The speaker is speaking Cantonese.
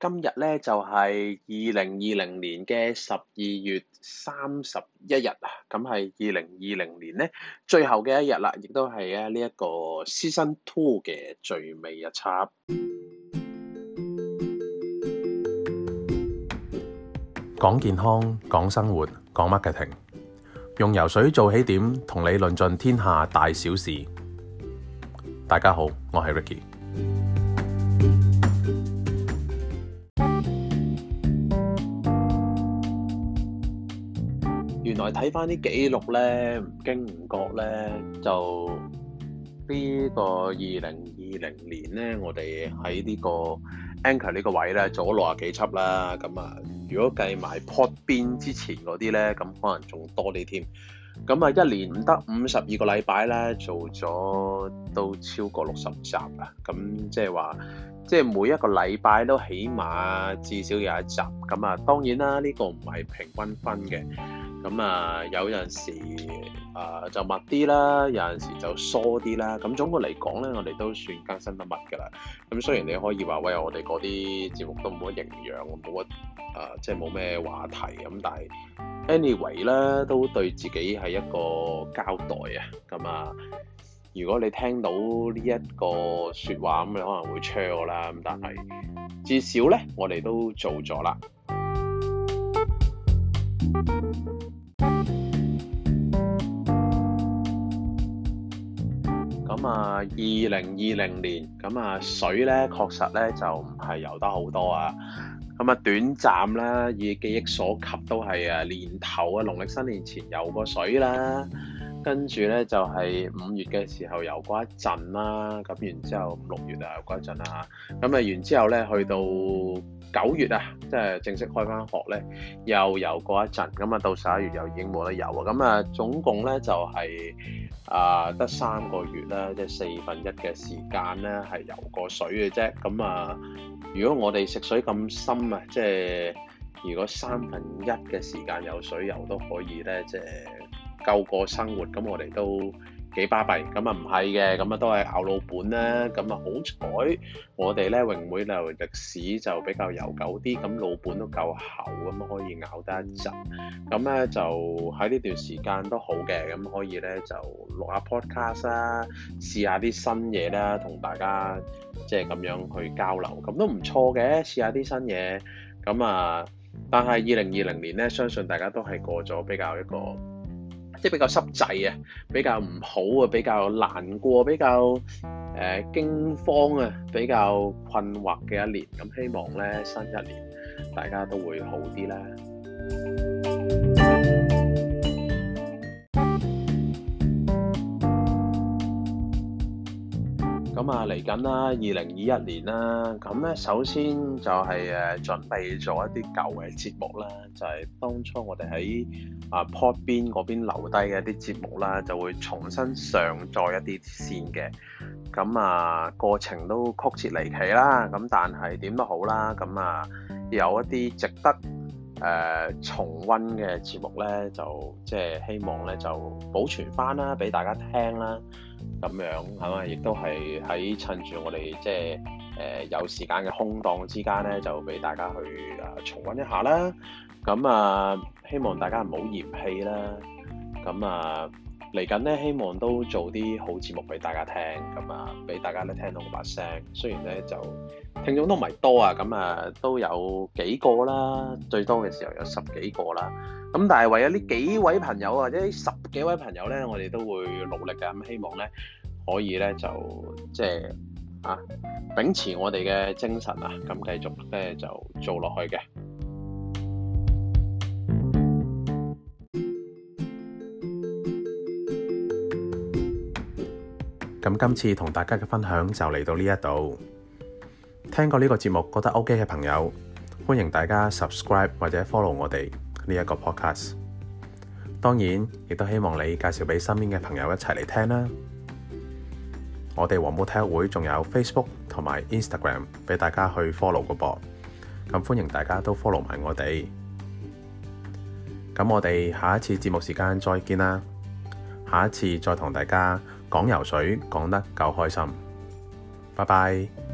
今日咧就係二零二零年嘅十二月三十一日啊，咁係二零二零年咧最後嘅一日啦，亦都係咧呢一個 season two 嘅最尾一輯。講健康，講生活，講 marketing，用游水做起點，同你論盡天下大小事。大家好，我係 Ricky。睇翻啲記錄咧，唔經唔覺咧，就呢個二零二零年咧，我哋喺呢個 Anchor 呢個位咧做咗六十幾輯啦。咁啊，如果計埋 Podbean 之前嗰啲咧，咁可能仲多啲添。咁啊，一年得五十二個禮拜咧，做咗都超過六十集啦。咁即係話，即係每一個禮拜都起碼至少有一集。咁啊，當然啦，呢個唔係平均分嘅。咁啊，有陣時啊、呃、就密啲啦，有陣時就疏啲啦。咁總括嚟講咧，我哋都算更新得密噶啦。咁雖然你可以話喂，我哋嗰啲節目都冇乜營養，冇乜啊，即係冇咩話題咁，但係 anyway 咧都對自己係一個交代啊。咁啊，如果你聽到呢一個説話咁，你可能會 check 我啦。咁但係至少咧，我哋都做咗啦。啊，二零二零年咁啊，水咧確實咧就唔係游得好多啊，咁啊短暫啦，以記憶所及都係誒、啊、年頭啊，農曆新年前游過水啦。跟住咧就係、是、五月嘅時候游過一陣啦，咁然之後六月啊遊過一陣啦，咁啊然之後咧去到九月啊，即、就、係、是、正式開翻學咧，又游過一陣，咁啊到十一月又已經冇得游啊，咁啊總共咧就係啊得三個月啦，即係四分一嘅時間咧係游過水嘅啫，咁啊如果我哋食水咁深啊，即、就、係、是、如果三分一嘅時間有水游都可以咧，即係。夠過生活，咁我哋都幾巴閉，咁啊唔係嘅，咁啊都係咬老本啦，咁啊好彩，我哋咧泳會就歷史就比較悠久啲，咁老本都夠厚，咁可以咬得一陣，咁咧就喺呢段時間都好嘅，咁可以咧就錄下 podcast 啦，試下啲新嘢啦，同大家即係咁樣去交流，咁都唔錯嘅，試下啲新嘢，咁啊，但係二零二零年咧，相信大家都係過咗比較一個。即係比較濕滯啊，比較唔好啊，比較難過，比較誒、呃、驚慌啊，比較困惑嘅一年。咁希望咧新一年大家都會好啲啦。咁啊，嚟緊啦，二零二一年啦，咁咧首先就係誒準備咗一啲舊嘅節目啦，就係、是、當初我哋喺啊 Podbean 嗰邊留低嘅一啲節目啦，就會重新上載一啲先嘅。咁啊，過程都曲折離奇啦，咁但係點都好啦，咁啊有一啲值得、呃、重温嘅節目咧，就即係、就是、希望咧就保存翻啦，俾大家聽啦。咁樣係嘛，亦都係喺趁住我哋即係呃有時間嘅空檔之間咧，就俾大家去、呃、重温一下啦。咁啊、呃，希望大家唔好嫌棄啦。咁啊～、呃嚟緊咧，希望都做啲好節目俾大家聽，咁啊，俾大家咧聽到我把聲。雖然咧就聽眾都唔係多啊，咁啊都有幾個啦，最多嘅時候有十幾個啦。咁但係為咗呢幾位朋友或者呢十幾位朋友咧，我哋都會努力㗎。咁希望咧可以咧就即係、就是、啊，秉持我哋嘅精神啊，咁繼續咧就做落去嘅。咁今次同大家嘅分享就嚟到呢一度。聽過呢個節目覺得 OK 嘅朋友，歡迎大家 subscribe 或者 follow 我哋呢一個 podcast。當然，亦都希望你介紹俾身邊嘅朋友一齊嚟聽啦。我哋黃埔體育會仲有 Facebook 同埋 Instagram 俾大家去 follow 嘅噃，咁歡迎大家都 follow 埋我哋。咁我哋下一次節目時間再見啦，下一次再同大家講游水講得夠開心，拜拜。